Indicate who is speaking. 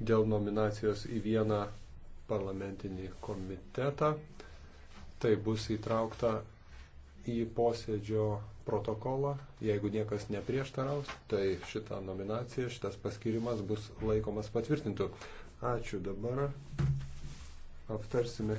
Speaker 1: dėl nominacijos į vieną parlamentinį komitetą. Tai bus įtraukta į posėdžio protokolą. Jeigu niekas neprieštaraus, tai šita nominacija, šitas paskirimas bus laikomas patvirtintų. Ačiū dabar. Aptarsime